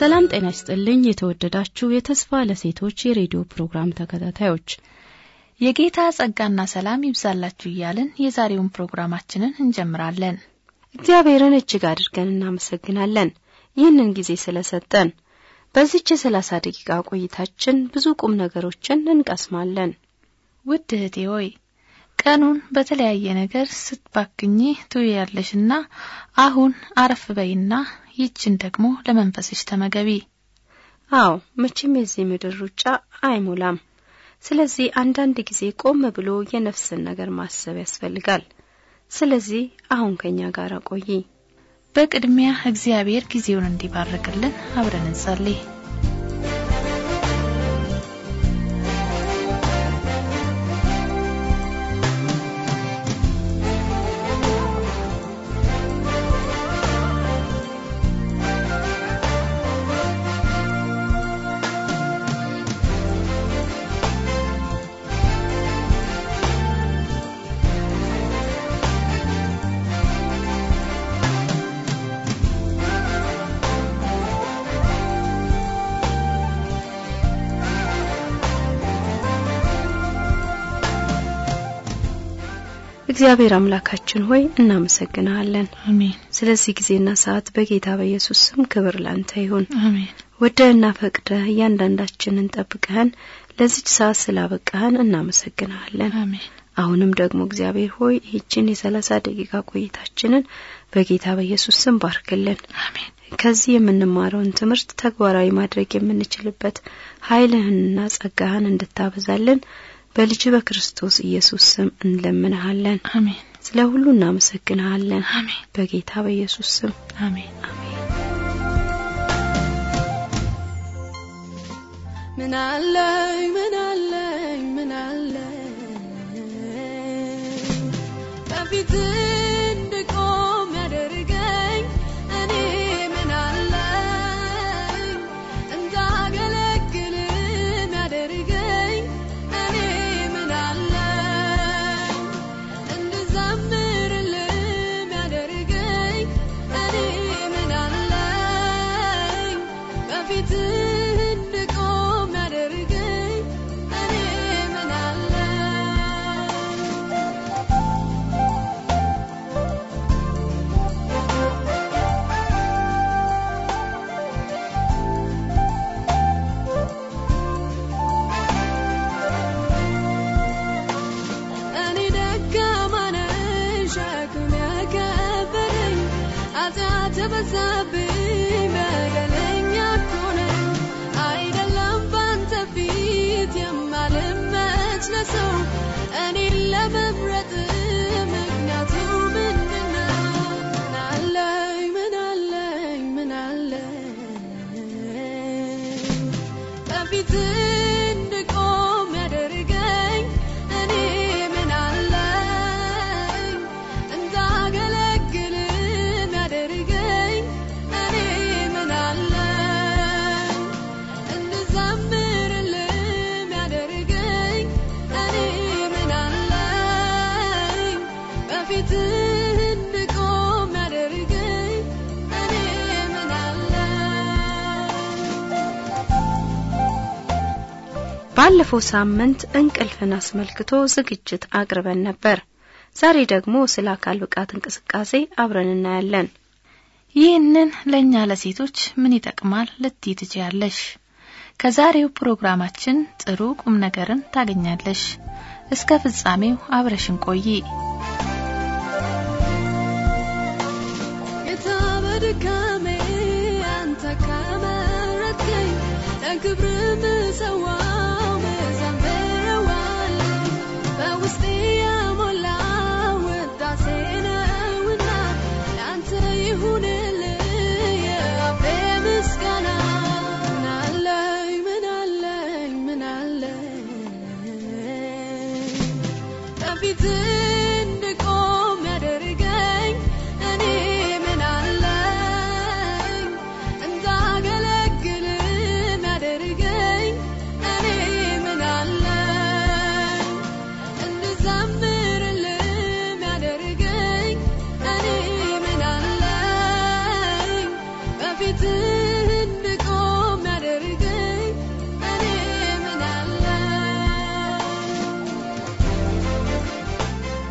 ሰላም ጤና ይስጥልኝ። የተወደዳችሁ የተስፋ ለሴቶች የሬዲዮ ፕሮግራም ተከታታዮች የጌታ ጸጋና ሰላም ይብዛላችሁ እያልን የዛሬውን ፕሮግራማችንን እንጀምራለን። እግዚአብሔርን እጅግ አድርገን እናመሰግናለን ይህንን ጊዜ ስለሰጠን። በዚች የሰላሳ ደቂቃ ቆይታችን ብዙ ቁም ነገሮችን እንቀስማለን። ውድ እህቴ ሆይ ቀኑን በተለያየ ነገር ስትባክኝ ትውያለሽና አሁን አረፍ በይና ይችን ደግሞ ለመንፈስሽ ተመገቢ። አዎ መቼም የዚህ ምድር ሩጫ አይሞላም። ስለዚህ አንዳንድ ጊዜ ቆም ብሎ የነፍስን ነገር ማሰብ ያስፈልጋል። ስለዚህ አሁን ከኛ ጋር ቆይ። በቅድሚያ እግዚአብሔር ጊዜውን እንዲባርክልን አብረን እንጸልይ። እግዚአብሔር አምላካችን ሆይ እናመሰግናለን። አሜን። ስለዚህ ጊዜና ሰዓት በጌታ በኢየሱስ ስም ክብር ላንተ ይሁን። አሜን። ወደህና ፈቅደህ እያንዳንዳችንን ጠብቀህን ለዚች ሰዓት ስላበቃህን እናመሰግናለን። አሜን። አሁንም ደግሞ እግዚአብሔር ሆይ ይህችን የሰላሳ ደቂቃ ቆይታችንን በጌታ በኢየሱስ ስም ባርክልን። አሜን። ከዚህ የምንማረውን ትምህርት ተግባራዊ ማድረግ የምንችልበት ኃይልህንና ጸጋህን እንድታበዛልን በልጅ በክርስቶስ ኢየሱስ ስም እንለምንሃለን። አሜን። ስለ ሁሉ እናመሰግንሃለን። አሜን። በጌታ በኢየሱስ ስም አሜን። አሜን። ምን አለኝ ምን አለኝ ምን አለኝ በፊትህ ተበዛብኝ በደለኛ ኮነኝ አይደለም ባንተ ፊት የማልመች ለሰው ባለፈው ሳምንት እንቅልፍን አስመልክቶ ዝግጅት አቅርበን ነበር። ዛሬ ደግሞ ስለ አካል ብቃት እንቅስቃሴ አብረን እናያለን። ይህንን ለእኛ ለሴቶች ምን ይጠቅማል ልትይ ትችያለሽ። ከዛሬው ፕሮግራማችን ጥሩ ቁም ነገርን ታገኛለሽ። እስከ ፍጻሜው አብረሽን ቆይ።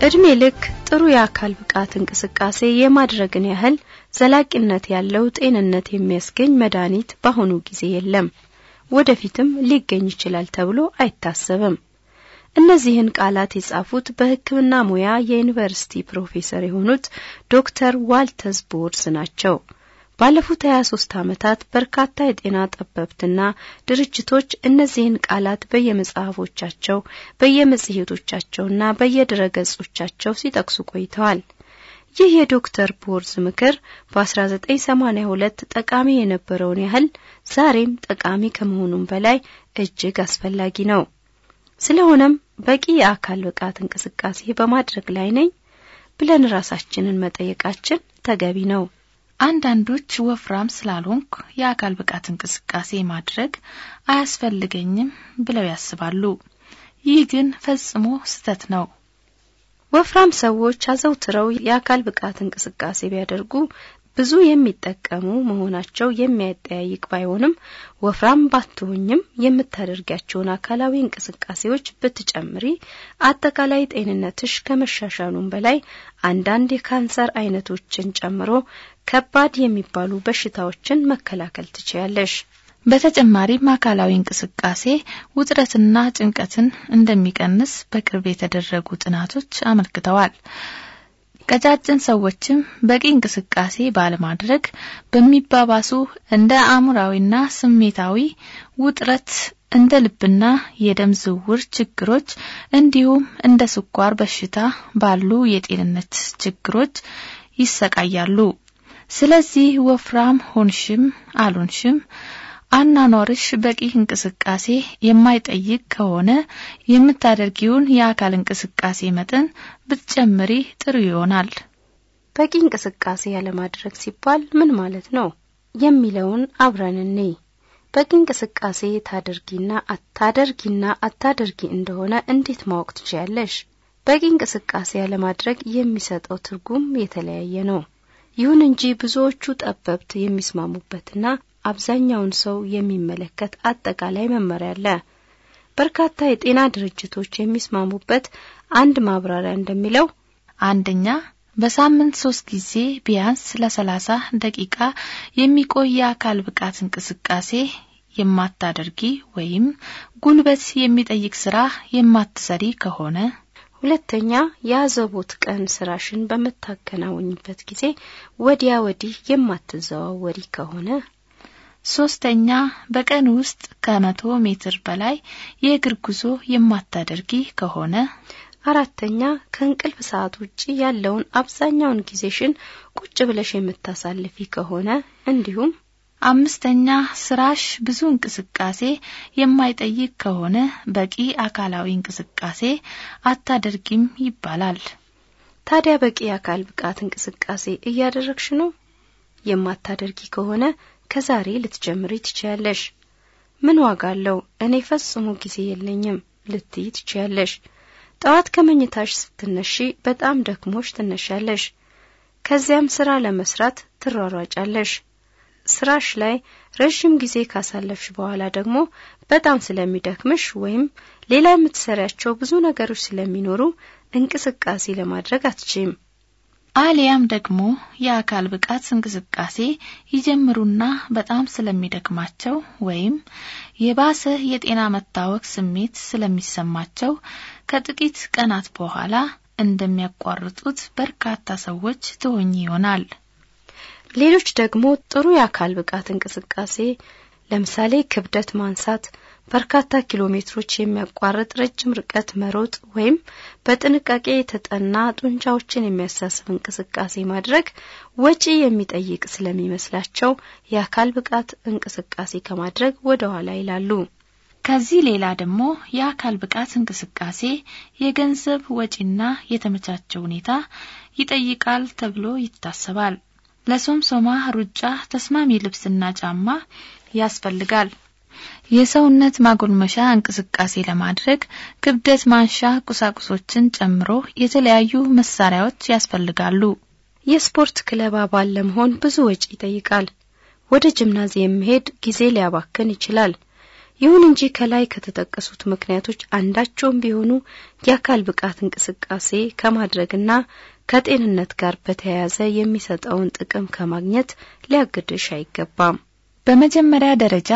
እድሜ ልክ ጥሩ የአካል ብቃት እንቅስቃሴ የማድረግን ያህል ዘላቂነት ያለው ጤንነት የሚያስገኝ መድኃኒት በአሁኑ ጊዜ የለም። ወደፊትም ሊገኝ ይችላል ተብሎ አይታሰብም። እነዚህን ቃላት የጻፉት በሕክምና ሙያ የዩኒቨርሲቲ ፕሮፌሰር የሆኑት ዶክተር ዋልተስ ቦርስ ናቸው። ባለፉት 23 ዓመታት በርካታ የጤና ጠበብትና ድርጅቶች እነዚህን ቃላት በየመጽሐፎቻቸው፣ በየመጽሔቶቻቸውና በየድረገጾቻቸው ሲጠቅሱ ቆይተዋል። ይህ የዶክተር ቦርዝ ምክር በ1982 ጠቃሚ የነበረውን ያህል ዛሬም ጠቃሚ ከመሆኑም በላይ እጅግ አስፈላጊ ነው። ስለሆነም በቂ የአካል ብቃት እንቅስቃሴ በማድረግ ላይ ነኝ ብለን ራሳችንን መጠየቃችን ተገቢ ነው። አንዳንዶች ወፍራም ስላልሆንኩ የአካል ብቃት እንቅስቃሴ ማድረግ አያስፈልገኝም ብለው ያስባሉ። ይህ ግን ፈጽሞ ስህተት ነው። ወፍራም ሰዎች አዘውትረው የአካል ብቃት እንቅስቃሴ ቢያደርጉ ብዙ የሚጠቀሙ መሆናቸው የሚያጠያይቅ ባይሆንም ወፍራም ባትሆኝም የምታደርጊያቸውን አካላዊ እንቅስቃሴዎች ብትጨምሪ አጠቃላይ ጤንነትሽ ከመሻሻሉም በላይ አንዳንድ የካንሰር አይነቶችን ጨምሮ ከባድ የሚባሉ በሽታዎችን መከላከል ትችያለሽ። በተጨማሪም አካላዊ እንቅስቃሴ ውጥረትና ጭንቀትን እንደሚቀንስ በቅርብ የተደረጉ ጥናቶች አመልክተዋል። ቀጫጭን ሰዎችም በቂ እንቅስቃሴ ባለማድረግ በሚባባሱ እንደ አእምሯዊና ስሜታዊ ውጥረት እንደ ልብና የደም ዝውውር ችግሮች እንዲሁም እንደ ስኳር በሽታ ባሉ የጤንነት ችግሮች ይሰቃያሉ። ስለዚህ ወፍራም ሆንሽም አልሆንሽም አናኗርሽ በቂ እንቅስቃሴ የማይጠይቅ ከሆነ የምታደርጊውን የአካል እንቅስቃሴ መጠን ብትጨምሪ ጥሩ ይሆናል። በቂ እንቅስቃሴ ያለማድረግ ሲባል ምን ማለት ነው የሚለውን አብረን በቂ እንቅስቃሴ ታደርጊና አታደርጊና አታደርጊ እንደሆነ እንዴት ማወቅ ትችያለሽ? በቂ እንቅስቃሴ ያለማድረግ የሚሰጠው ትርጉም የተለያየ ነው። ይሁን እንጂ ብዙዎቹ ጠበብት የሚስማሙበትና አብዛኛውን ሰው የሚመለከት አጠቃላይ መመሪያ አለ። በርካታ የጤና ድርጅቶች የሚስማሙበት አንድ ማብራሪያ እንደሚለው አንደኛ በሳምንት ሶስት ጊዜ ቢያንስ ለሰላሳ ደቂቃ የሚቆይ የአካል ብቃት እንቅስቃሴ የማታደርጊ ወይም ጉልበት የሚጠይቅ ስራ የማትሰሪ ከሆነ ሁለተኛ የአዘቦት ቀን ስራሽን በምታከናውኝበት ጊዜ ወዲያ ወዲህ የማትዘዋወሪ ከሆነ ሶስተኛ በቀን ውስጥ ከመቶ ሜትር በላይ የእግር ጉዞ የማታደርጊ ከሆነ አራተኛ ከእንቅልፍ ሰዓት ውጪ ያለውን አብዛኛውን ጊዜሽን ቁጭ ብለሽ የምታሳልፊ ከሆነ እንዲሁም አምስተኛ ስራሽ ብዙ እንቅስቃሴ የማይጠይቅ ከሆነ በቂ አካላዊ እንቅስቃሴ አታደርጊም ይባላል። ታዲያ በቂ የአካል ብቃት እንቅስቃሴ እያደረግሽ ነው? የማታደርጊ ከሆነ ከዛሬ ልትጀምሪ ትችያለሽ። ምን ዋጋ አለው እኔ ፈጽሞ ጊዜ የለኝም ልትይ ትችያለሽ። ጠዋት ከመኝታሽ ስትነሺ በጣም ደክሞሽ ትነሻለሽ። ከዚያም ስራ ለመስራት ትሯሯጫለሽ። ስራሽ ላይ ረዥም ጊዜ ካሳለፍሽ በኋላ ደግሞ በጣም ስለሚደክምሽ ወይም ሌላ የምትሰሪያቸው ብዙ ነገሮች ስለሚኖሩ እንቅስቃሴ ለማድረግ አትችም። አሊያም ደግሞ የአካል ብቃት እንቅስቃሴ ይጀምሩና በጣም ስለሚደክማቸው ወይም የባሰ የጤና መታወክ ስሜት ስለሚሰማቸው ከጥቂት ቀናት በኋላ እንደሚያቋርጡት በርካታ ሰዎች ትሆኝ ይሆናል። ሌሎች ደግሞ ጥሩ የአካል ብቃት እንቅስቃሴ ለምሳሌ ክብደት ማንሳት፣ በርካታ ኪሎ ሜትሮች የሚያቋርጥ ረጅም ርቀት መሮጥ ወይም በጥንቃቄ የተጠና ጡንቻዎችን የሚያሳስብ እንቅስቃሴ ማድረግ ወጪ የሚጠይቅ ስለሚመስላቸው የአካል ብቃት እንቅስቃሴ ከማድረግ ወደ ኋላ ይላሉ። ከዚህ ሌላ ደግሞ የአካል ብቃት እንቅስቃሴ የገንዘብ ወጪና የተመቻቸ ሁኔታ ይጠይቃል ተብሎ ይታሰባል። ለሶምሶማ ሩጫ ተስማሚ ልብስና ጫማ ያስፈልጋል። የሰውነት ማጎልመሻ እንቅስቃሴ ለማድረግ ክብደት ማንሻ ቁሳቁሶችን ጨምሮ የተለያዩ መሳሪያዎች ያስፈልጋሉ። የስፖርት ክለብ አባል ለመሆን ብዙ ወጪ ይጠይቃል። ወደ ጂምናዚየም መሄድ ጊዜ ሊያባክን ይችላል። ይሁን እንጂ ከላይ ከተጠቀሱት ምክንያቶች አንዳቸውም ቢሆኑ የአካል ብቃት እንቅስቃሴ ከማድረግና ከጤንነት ጋር በተያያዘ የሚሰጠውን ጥቅም ከማግኘት ሊያግድሽ አይገባም። በመጀመሪያ ደረጃ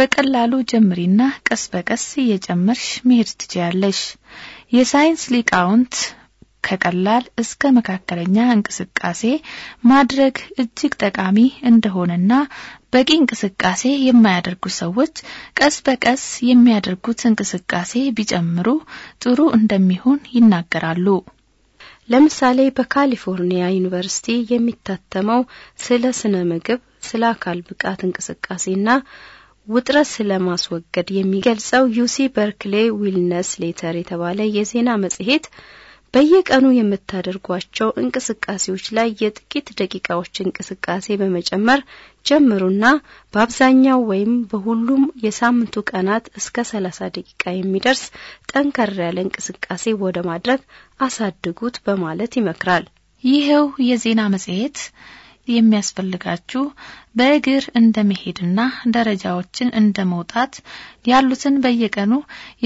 በቀላሉ ጀምሪና ቀስ በቀስ እየጨመርሽ መሄድ ትችያለሽ። የሳይንስ ሊቃውንት ከቀላል እስከ መካከለኛ እንቅስቃሴ ማድረግ እጅግ ጠቃሚ እንደሆነና በቂ እንቅስቃሴ የማያደርጉ ሰዎች ቀስ በቀስ የሚያደርጉት እንቅስቃሴ ቢጨምሩ ጥሩ እንደሚሆን ይናገራሉ። ለምሳሌ በካሊፎርኒያ ዩኒቨርሲቲ የሚታተመው ስለ ስነ ምግብ፣ ስለ አካል ብቃት እንቅስቃሴና ውጥረት ስለማስወገድ የሚገልጸው ዩሲ በርክሌ ዊልነስ ሌተር የተባለ የዜና መጽሔት በየቀኑ የምታደርጓቸው እንቅስቃሴዎች ላይ የጥቂት ደቂቃዎች እንቅስቃሴ በመጨመር ጀምሩና በአብዛኛው ወይም በሁሉም የሳምንቱ ቀናት እስከ 30 ደቂቃ የሚደርስ ጠንከር ያለ እንቅስቃሴ ወደ ማድረግ አሳድጉት በማለት ይመክራል። ይኸው የዜና መጽሔት የሚያስፈልጋችሁ በእግር እንደ መሄድና ደረጃዎችን እንደ መውጣት ያሉትን በየቀኑ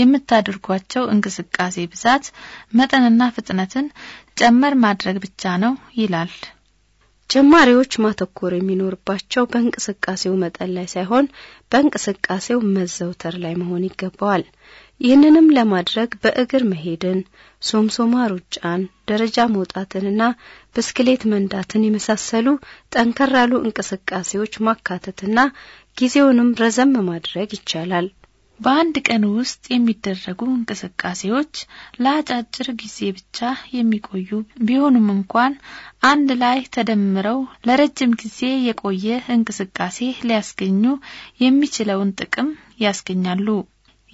የምታደርጓቸው እንቅስቃሴ ብዛት መጠንና ፍጥነትን ጨመር ማድረግ ብቻ ነው ይላል። ጀማሪዎች ማተኮር የሚኖርባቸው በእንቅስቃሴው መጠን ላይ ሳይሆን በእንቅስቃሴው መዘውተር ላይ መሆን ይገባዋል። ይህንንም ለማድረግ በእግር መሄድን፣ ሶምሶማ ሩጫን፣ ደረጃ መውጣትንና ብስክሌት መንዳትን የመሳሰሉ ጠንከር ያሉ እንቅስቃሴዎች ማካተትና ጊዜውንም ረዘም ማድረግ ይቻላል። በአንድ ቀን ውስጥ የሚደረጉ እንቅስቃሴዎች ለአጫጭር ጊዜ ብቻ የሚቆዩ ቢሆኑም እንኳን አንድ ላይ ተደምረው ለረጅም ጊዜ የቆየ እንቅስቃሴ ሊያስገኙ የሚችለውን ጥቅም ያስገኛሉ።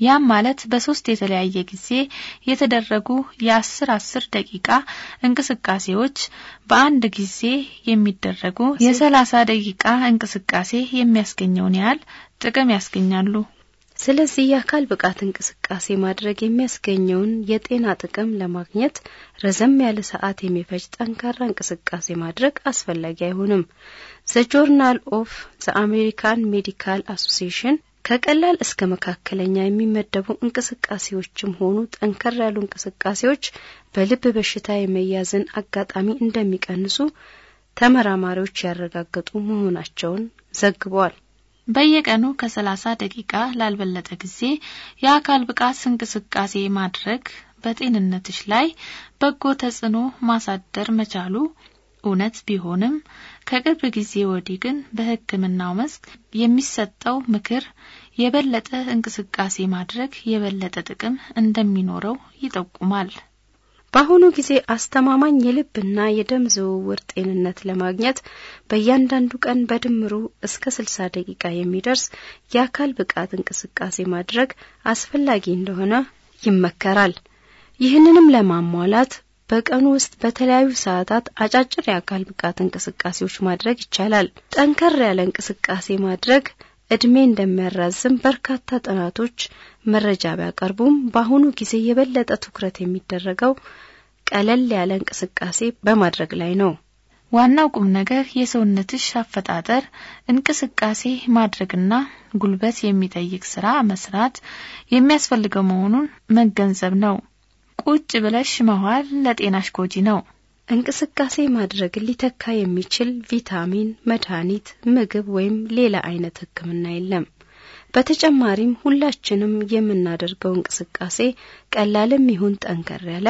ያም ማለት በሶስት የተለያየ ጊዜ የተደረጉ የአስር አስር ደቂቃ እንቅስቃሴዎች በአንድ ጊዜ የሚደረጉ የሰላሳ ደቂቃ እንቅስቃሴ የሚያስገኘውን ያህል ጥቅም ያስገኛሉ። ስለዚህ የአካል ብቃት እንቅስቃሴ ማድረግ የሚያስገኘውን የጤና ጥቅም ለማግኘት ረዘም ያለ ሰዓት የሚፈጅ ጠንካራ እንቅስቃሴ ማድረግ አስፈላጊ አይሆንም። ዘ ጆርናል ኦፍ ዘ አሜሪካን ሜዲካል አሶሲሽን ከቀላል እስከ መካከለኛ የሚመደቡ እንቅስቃሴዎችም ሆኑ ጠንከር ያሉ እንቅስቃሴዎች በልብ በሽታ የመያዝን አጋጣሚ እንደሚቀንሱ ተመራማሪዎች ያረጋገጡ መሆናቸውን ዘግበዋል። በየቀኑ ከሰላሳ ደቂቃ ላልበለጠ ጊዜ የአካል ብቃት እንቅስቃሴ ማድረግ በጤንነትሽ ላይ በጎ ተጽዕኖ ማሳደር መቻሉ እውነት ቢሆንም ከቅርብ ጊዜ ወዲህ ግን በሕክምናው መስክ የሚሰጠው ምክር የበለጠ እንቅስቃሴ ማድረግ የበለጠ ጥቅም እንደሚኖረው ይጠቁማል። በአሁኑ ጊዜ አስተማማኝ የልብና የደም ዝውውር ጤንነት ለማግኘት በእያንዳንዱ ቀን በድምሩ እስከ ስልሳ ደቂቃ የሚደርስ የአካል ብቃት እንቅስቃሴ ማድረግ አስፈላጊ እንደሆነ ይመከራል። ይህንንም ለማሟላት በቀኑ ውስጥ በተለያዩ ሰዓታት አጫጭር የአካል ብቃት እንቅስቃሴዎች ማድረግ ይቻላል። ጠንከር ያለ እንቅስቃሴ ማድረግ እድሜ እንደሚያራዝም በርካታ ጥናቶች መረጃ ቢያቀርቡም በአሁኑ ጊዜ የበለጠ ትኩረት የሚደረገው ቀለል ያለ እንቅስቃሴ በማድረግ ላይ ነው። ዋናው ቁም ነገር የሰውነትሽ አፈጣጠር፣ እንቅስቃሴ ማድረግና ጉልበት የሚጠይቅ ስራ መስራት የሚያስፈልገው መሆኑን መገንዘብ ነው። ቁጭ ብለሽ መዋል ለጤናሽ ጎጂ ነው። እንቅስቃሴ ማድረግ ሊተካ የሚችል ቪታሚን፣ መድኃኒት፣ ምግብ ወይም ሌላ አይነት ሕክምና የለም። በተጨማሪም ሁላችንም የምናደርገው እንቅስቃሴ ቀላልም ይሁን ጠንከር ያለ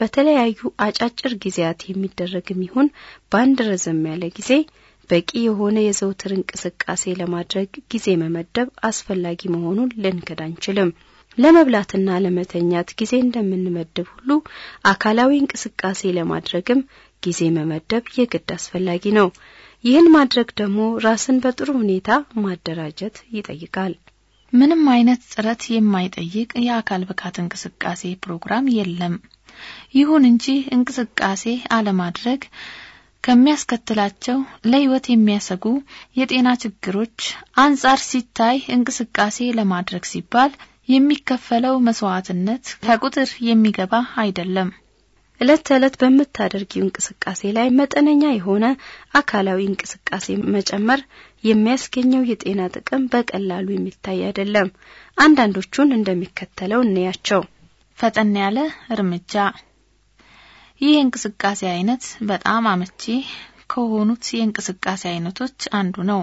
በተለያዩ አጫጭር ጊዜያት የሚደረግም ይሁን በአንድ ረዘም ያለ ጊዜ በቂ የሆነ የዘውትር እንቅስቃሴ ለማድረግ ጊዜ መመደብ አስፈላጊ መሆኑን ልንክድ አንችልም። ለመብላትና ለመተኛት ጊዜ እንደምንመድብ ሁሉ አካላዊ እንቅስቃሴ ለማድረግም ጊዜ መመደብ የግድ አስፈላጊ ነው። ይህን ማድረግ ደግሞ ራስን በጥሩ ሁኔታ ማደራጀት ይጠይቃል። ምንም አይነት ጥረት የማይጠይቅ የአካል ብቃት እንቅስቃሴ ፕሮግራም የለም። ይሁን እንጂ እንቅስቃሴ አለማድረግ ከሚያስከትላቸው ለሕይወት የሚያሰጉ የጤና ችግሮች አንጻር ሲታይ እንቅስቃሴ ለማድረግ ሲባል የሚከፈለው መስዋዕትነት ከቁጥር የሚገባ አይደለም። ዕለት ተዕለት በምታደርጊው እንቅስቃሴ ላይ መጠነኛ የሆነ አካላዊ እንቅስቃሴ መጨመር የሚያስገኘው የጤና ጥቅም በቀላሉ የሚታይ አይደለም። አንዳንዶቹን እንደሚከተለው እንያቸው። ፈጠን ያለ እርምጃ። ይህ የእንቅስቃሴ አይነት በጣም አመቺ ከሆኑት የእንቅስቃሴ አይነቶች አንዱ ነው።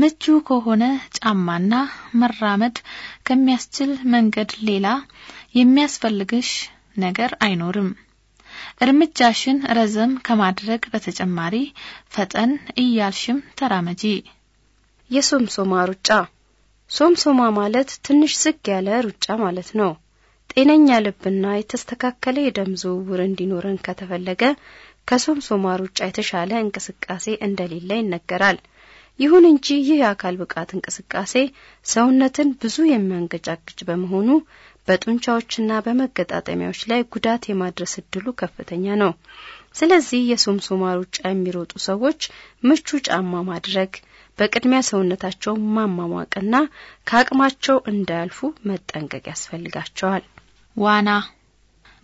ምቹ ከሆነ ጫማና መራመድ ከሚያስችል መንገድ ሌላ የሚያስፈልግሽ ነገር አይኖርም። እርምጃሽን ረዘም ከማድረግ በተጨማሪ ፈጠን እያልሽም ተራመጂ። የሶምሶማ ሩጫ። ሶምሶማ ማለት ትንሽ ዝግ ያለ ሩጫ ማለት ነው። ጤነኛ ልብና የተስተካከለ የደም ዝውውር እንዲኖረን ከተፈለገ ከሶምሶማ ሩጫ የተሻለ እንቅስቃሴ እንደሌለ ይነገራል። ይሁን እንጂ ይህ የአካል ብቃት እንቅስቃሴ ሰውነትን ብዙ የሚያንገጫግጭ በመሆኑ በጡንቻዎችና በመገጣጠሚያዎች ላይ ጉዳት የማድረስ እድሉ ከፍተኛ ነው። ስለዚህ የሶምሶማ ሩጫ የሚሮጡ ሰዎች ምቹ ጫማ ማድረግ፣ በቅድሚያ ሰውነታቸውን ማሟሟቅና ከአቅማቸው እንዳያልፉ መጠንቀቅ ያስፈልጋቸዋል። ዋና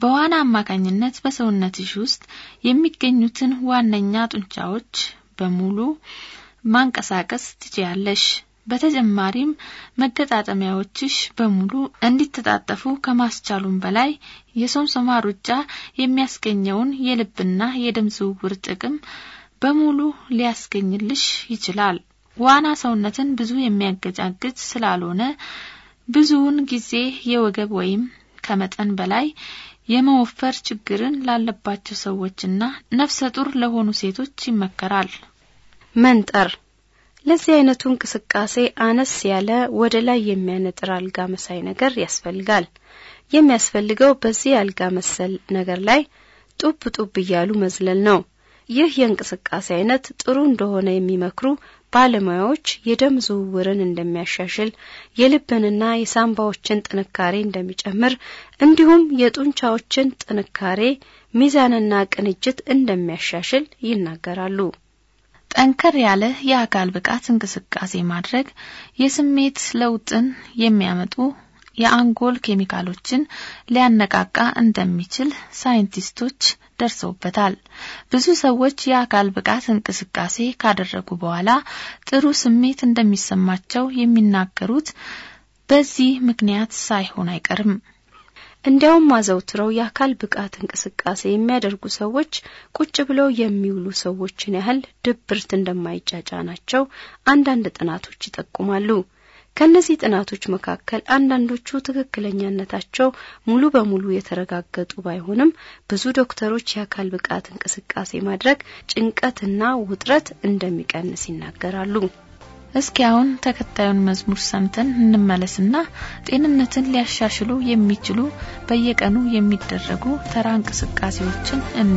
በዋና አማካኝነት በሰውነትሽ ውስጥ የሚገኙትን ዋነኛ ጡንቻዎች በሙሉ ማንቀሳቀስ ትችያለሽ። በተጨማሪም መገጣጠሚያዎችሽ በሙሉ እንዲተጣጠፉ ከማስቻሉም በላይ የሶምሶማ ሩጫ የሚያስገኘውን የልብና የደም ዝውውር ጥቅም በሙሉ ሊያስገኝልሽ ይችላል። ዋና ሰውነትን ብዙ የሚያገጫግጭ ስላልሆነ ብዙውን ጊዜ የወገብ ወይም ከመጠን በላይ የመወፈር ችግርን ላለባቸው ሰዎችና ነፍሰ ጡር ለሆኑ ሴቶች ይመከራል። መንጠር ለዚህ አይነቱ እንቅስቃሴ አነስ ያለ ወደ ላይ የሚያነጥር አልጋ መሳይ ነገር ያስፈልጋል። የሚያስፈልገው በዚህ አልጋ መሰል ነገር ላይ ጡብ ጡብ እያሉ መዝለል ነው። ይህ የእንቅስቃሴ አይነት ጥሩ እንደሆነ የሚመክሩ ባለሙያዎች የደም ዝውውርን እንደሚያሻሽል፣ የልብንና የሳንባዎችን ጥንካሬ እንደሚጨምር፣ እንዲሁም የጡንቻዎችን ጥንካሬ ሚዛንና ቅንጅት እንደሚያሻሽል ይናገራሉ። ጠንከር ያለ የአካል ብቃት እንቅስቃሴ ማድረግ የስሜት ለውጥን የሚያመጡ የአንጎል ኬሚካሎችን ሊያነቃቃ እንደሚችል ሳይንቲስቶች ደርሰውበታል። ብዙ ሰዎች የአካል ብቃት እንቅስቃሴ ካደረጉ በኋላ ጥሩ ስሜት እንደሚሰማቸው የሚናገሩት በዚህ ምክንያት ሳይሆን አይቀርም። እንዲያውም አዘውትረው የአካል ብቃት እንቅስቃሴ የሚያደርጉ ሰዎች ቁጭ ብለው የሚውሉ ሰዎችን ያህል ድብርት እንደማይጫጫናቸው አንዳንድ ጥናቶች ይጠቁማሉ። ከነዚህ ጥናቶች መካከል አንዳንዶቹ ትክክለኛነታቸው ሙሉ በሙሉ የተረጋገጡ ባይሆንም ብዙ ዶክተሮች የአካል ብቃት እንቅስቃሴ ማድረግ ጭንቀትና ውጥረት እንደሚቀንስ ይናገራሉ። እስኪ አሁን ተከታዩን መዝሙር ሰምተን እንመለስና ጤንነትን ሊያሻሽሉ የሚችሉ በየቀኑ የሚደረጉ ተራ እንቅስቃሴዎችን እኔ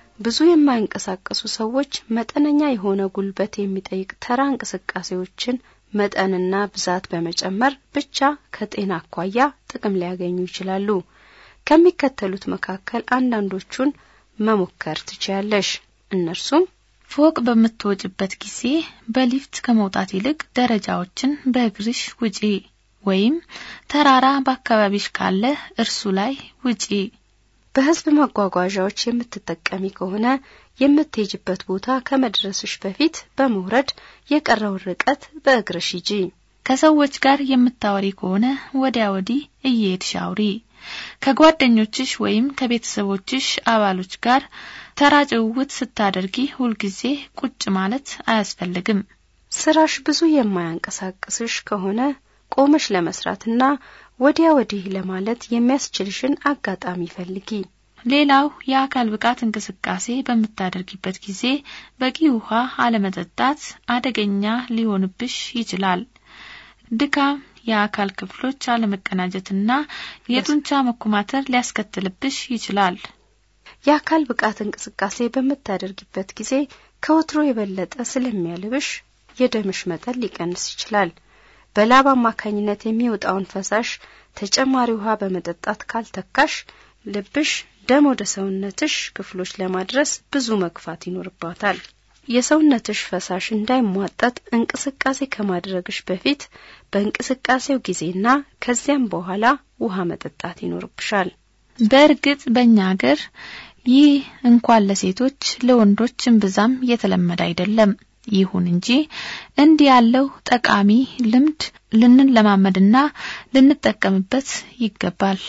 ብዙ የማይንቀሳቀሱ ሰዎች መጠነኛ የሆነ ጉልበት የሚጠይቅ ተራ እንቅስቃሴዎችን መጠንና ብዛት በመጨመር ብቻ ከጤና አኳያ ጥቅም ሊያገኙ ይችላሉ። ከሚከተሉት መካከል አንዳንዶቹን መሞከር ትችያለሽ። እነርሱም ፎቅ በምትወጭበት ጊዜ በሊፍት ከመውጣት ይልቅ ደረጃዎችን በእግርሽ ውጪ፣ ወይም ተራራ በአካባቢሽ ካለ እርሱ ላይ ውጪ በህዝብ መጓጓዣዎች የምትጠቀሚ ከሆነ የምትሄጅበት ቦታ ከመድረስሽ በፊት በመውረድ የቀረውን ርቀት በእግርሽ ሂጂ። ከሰዎች ጋር የምታወሪ ከሆነ ወዲያ ወዲህ እየሄድሽ አውሪ። ከጓደኞችሽ ወይም ከቤተሰቦችሽ አባሎች ጋር ተራ ጭውውት ስታደርጊ ሁልጊዜ ቁጭ ማለት አያስፈልግም። ስራሽ ብዙ የማያንቀሳቅስሽ ከሆነ ቆመሽ ለመስራትና ወዲያ ወዲህ ለማለት የሚያስችልሽን አጋጣሚ ፈልጊ። ሌላው የአካል ብቃት እንቅስቃሴ በምታደርጊበት ጊዜ በቂ ውሃ አለመጠጣት አደገኛ ሊሆንብሽ ይችላል። ድካም፣ የአካል ክፍሎች አለመቀናጀትና የጡንቻ መኮማተር ሊያስከትልብሽ ይችላል። የአካል ብቃት እንቅስቃሴ በምታደርጊበት ጊዜ ከወትሮ የበለጠ ስለሚያልብሽ የደምሽ መጠን ሊቀንስ ይችላል። በላብ አማካኝነት የሚወጣውን ፈሳሽ ተጨማሪ ውሃ በመጠጣት ካልተካሽ ልብሽ ደም ወደ ሰውነትሽ ክፍሎች ለማድረስ ብዙ መግፋት ይኖርባታል። የሰውነትሽ ፈሳሽ እንዳይሟጠጥ እንቅስቃሴ ከማድረግሽ በፊት በእንቅስቃሴው ጊዜና ከዚያም በኋላ ውሃ መጠጣት ይኖርብሻል። በእርግጥ በእኛ አገር ይህ እንኳን ለሴቶች ለወንዶች ብዛም የተለመደ አይደለም። ይሁን እንጂ እንዲህ ያለው ጠቃሚ ልምድ ልንለማመድና ልንጠቀምበት ይገባል።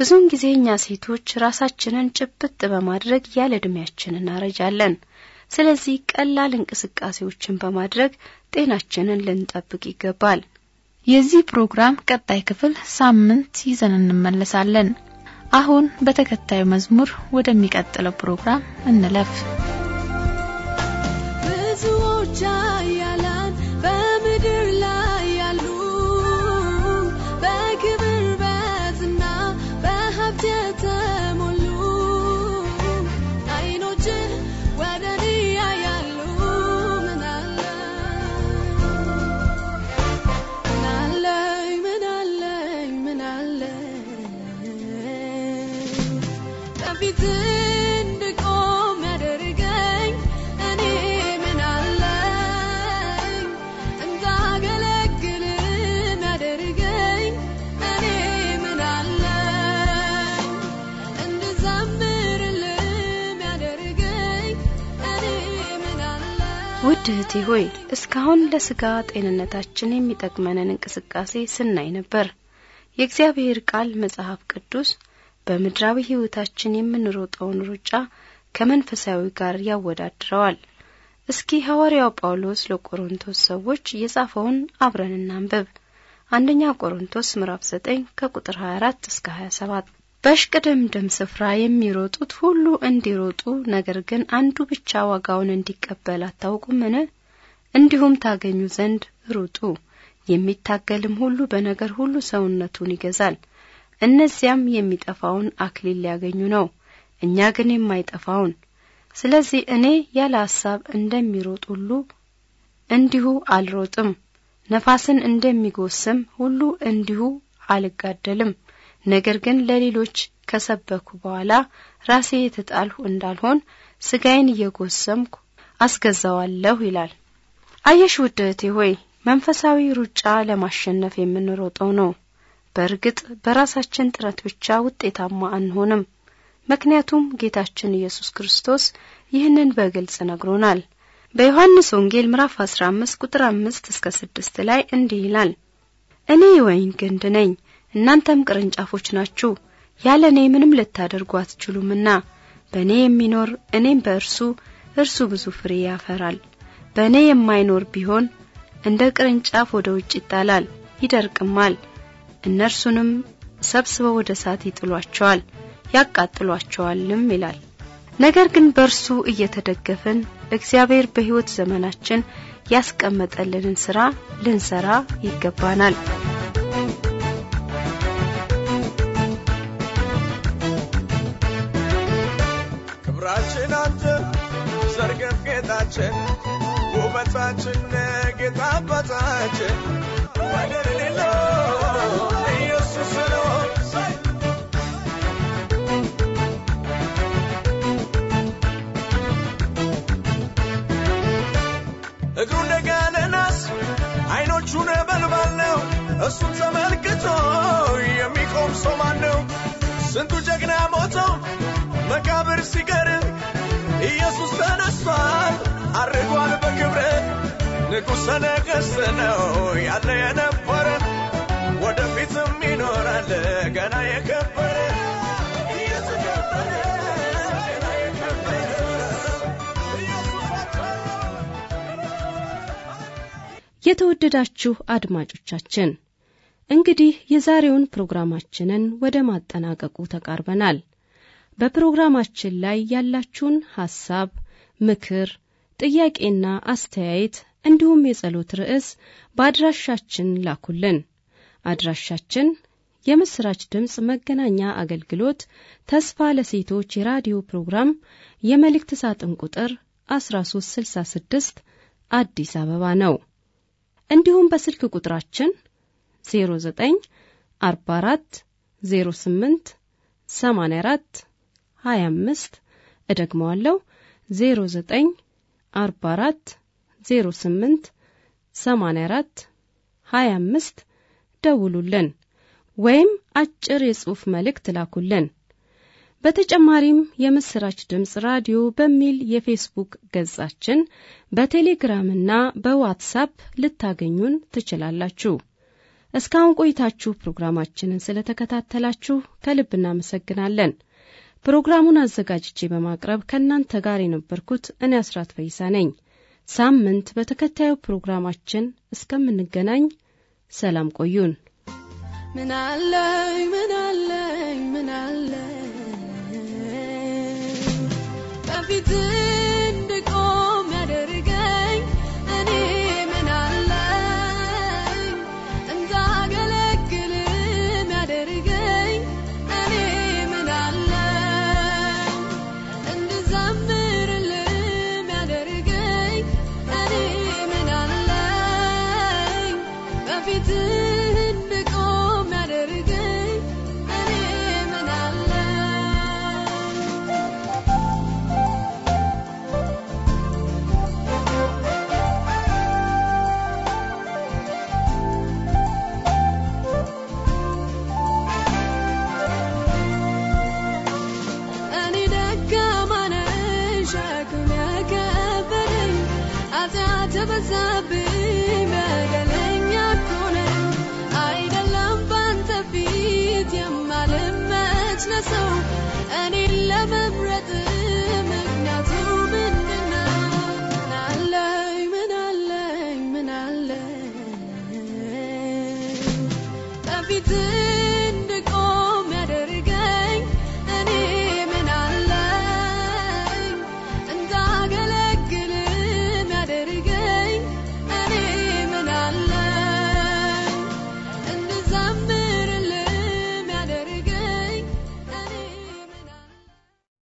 ብዙውን ጊዜ እኛ ሴቶች ራሳችንን ጭብጥ በማድረግ ያለ እድሜያችን እናረጃለን። ስለዚህ ቀላል እንቅስቃሴዎችን በማድረግ ጤናችንን ልንጠብቅ ይገባል። የዚህ ፕሮግራም ቀጣይ ክፍል ሳምንት ይዘን እንመለሳለን። አሁን በተከታዩ መዝሙር ወደሚቀጥለው ፕሮግራም እንለፍ። percayalah እህቴ ሆይ እስካሁን ለስጋ ጤንነታችን የሚጠቅመንን እንቅስቃሴ ስናይ ነበር። የእግዚአብሔር ቃል መጽሐፍ ቅዱስ በምድራዊ ሕይወታችን የምንሮጠውን ሩጫ ከመንፈሳዊ ጋር ያወዳድረዋል። እስኪ ሐዋርያው ጳውሎስ ለቆሮንቶስ ሰዎች የጻፈውን አብረን እናንብብ። አንደኛ ቆሮንቶስ ምዕራፍ 9 ከቁጥር 24 እስከ 27 በሽቅድምድም ስፍራ የሚሮጡት ሁሉ እንዲሮጡ፣ ነገር ግን አንዱ ብቻ ዋጋውን እንዲቀበል አታውቁምን? እንዲሁም ታገኙ ዘንድ ሩጡ። የሚታገልም ሁሉ በነገር ሁሉ ሰውነቱን ይገዛል። እነዚያም የሚጠፋውን አክሊል ሊያገኙ ነው፣ እኛ ግን የማይጠፋውን። ስለዚህ እኔ ያለ ሐሳብ እንደሚሮጥ ሁሉ እንዲሁ አልሮጥም፣ ነፋስን እንደሚጎስም ሁሉ እንዲሁ አልጋደልም። ነገር ግን ለሌሎች ከሰበኩ በኋላ ራሴ የተጣልሁ እንዳልሆን ስጋዬን እየጎሰምኩ አስገዛዋለሁ ይላል። አየሽ ውድ እህቴ ሆይ መንፈሳዊ ሩጫ ለማሸነፍ የምንሮጠው ነው። በእርግጥ በራሳችን ጥረት ብቻ ውጤታማ አንሆንም። ምክንያቱም ጌታችን ኢየሱስ ክርስቶስ ይህንን በግልጽ ነግሮናል። በዮሐንስ ወንጌል ምዕራፍ 15 ቁጥር 5 እስከ 6 ላይ እንዲህ ይላል፣ እኔ የወይን ግንድ ነኝ፣ እናንተም ቅርንጫፎች ናችሁ ያለ እኔ ምንም ልታደርጉ አትችሉምና በእኔ የሚኖር እኔም በእርሱ እርሱ ብዙ ፍሬ ያፈራል በእኔ የማይኖር ቢሆን እንደ ቅርንጫፍ ወደ ውጭ ይጣላል ይደርቅማል እነርሱንም ሰብስበው ወደ እሳት ይጥሏቸዋል ያቃጥሏቸዋልም ይላል ነገር ግን በእርሱ እየተደገፍን እግዚአብሔር በሕይወት ዘመናችን ያስቀመጠልንን ሥራ ልንሰራ ይገባናል። ውበታችን ውበታችን ጌታ አባታችን ወደር ኢየሱስ ነው። እግሩ እንደ አይኖቹ ነበልባል ነው። እሱን ተመልክቶ የሚቆም ሰው ማን ነው? ስንቱ ጀግና ሞቶ መቃብር ሲቀር ኢየሱስ ተነሷል። አርጓል በክብር ንጉሠ ነገሥት ነው ያለ የነበረ ወደፊትም ይኖራል ገና የከበረ የተወደዳችሁ አድማጮቻችን እንግዲህ የዛሬውን ፕሮግራማችንን ወደ ማጠናቀቁ ተቃርበናል። በፕሮግራማችን ላይ ያላችሁን ሐሳብ፣ ምክር ጥያቄና አስተያየት እንዲሁም የጸሎት ርዕስ በአድራሻችን ላኩልን። አድራሻችን የምስራች ድምፅ መገናኛ አገልግሎት ተስፋ ለሴቶች የራዲዮ ፕሮግራም የመልእክት ሳጥን ቁጥር 1366 አዲስ አበባ ነው። እንዲሁም በስልክ ቁጥራችን 09 44 08 25 እደግመዋለሁ 09 44 08 84 25 ደውሉልን ወይም አጭር የጽሑፍ መልእክት ላኩልን። በተጨማሪም የምስራች ድምፅ ራዲዮ በሚል የፌስቡክ ገጻችን በቴሌግራምና በዋትሳፕ ልታገኙን ትችላላችሁ። እስካሁን ቆይታችሁ ፕሮግራማችንን ስለ ተከታተላችሁ ከልብ እናመሰግናለን። ፕሮግራሙን አዘጋጅቼ በማቅረብ ከእናንተ ጋር የነበርኩት እኔ አስራት ፈይሳ ነኝ። ሳምንት በተከታዩ ፕሮግራማችን እስከምንገናኝ ሰላም ቆዩን። ምናለኝ ምናለኝ ምናለኝ